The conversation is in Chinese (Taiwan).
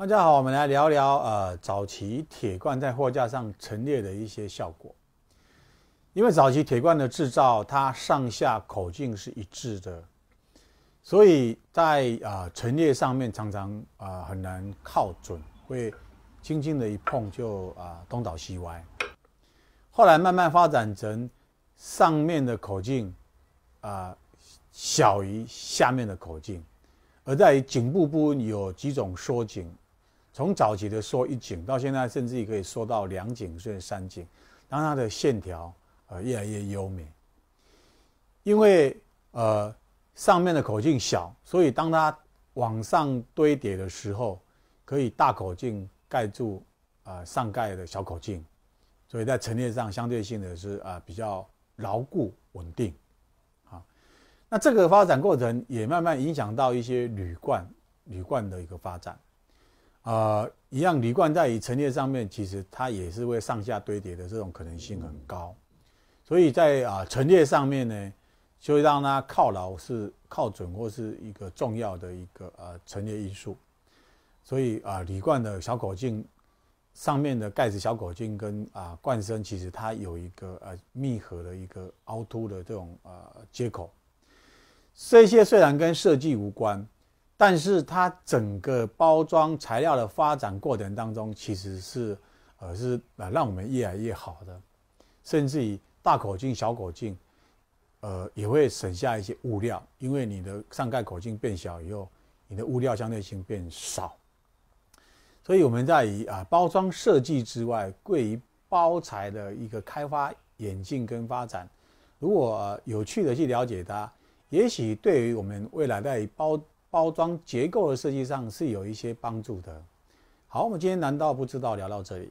大家好，我們來聊聊呃早期鐵罐在貨架上陳列的一些效果。因為早期鐵罐的制造，它上下口徑是一致的，所以在啊、呃、陳列上面常常啊、呃、很難靠準，會輕輕的一碰就啊、呃、東倒西歪。後來慢慢發展成上面的口徑啊、呃、小於下面的口徑，而在頸部部分有幾種縮頸。從早期的縮一頸到現在，甚至於可以縮到兩頸甚至三頸，當它的線條呃越來越優美，因為呃上面的口徑小，所以當它往上堆疊的時候，可以大口徑蓋住啊、呃、上蓋的小口徑，所以在陳列上相對性的是啊、呃、比較牢固穩定，啊，那這個發展過程也慢慢影響到一些鋁罐鋁罐的一個發展。呃，一樣，鋁罐在於陳列上面，其實它也是會上下堆疊的，這種可能性很高。所以在啊陳列上面呢，就會讓它靠牢是靠準或是一個重要的一個呃陳列因素。所以啊，鋁罐的小口徑上面的蓋子小口徑跟啊罐身，其實它有一個呃密合的一個凹凸的這種啊呃接口。這些雖然跟設計無關。但是它整個包裝材料的發展過程當中，其實是，呃，是讓我們越來越好的，甚至於大口徑、小口徑，呃，也會省下一些物料，因為你的上蓋口徑變小以後，你的物料相對性變少。所以我們在以啊、呃、包裝設計之外，關於包材的一個開發、演進跟發展，如果、呃、有趣的去了解它，也許對於我們未來在包。包裝結構的設計上是有一些幫助的。好，我們今天難道不知道聊到這裡。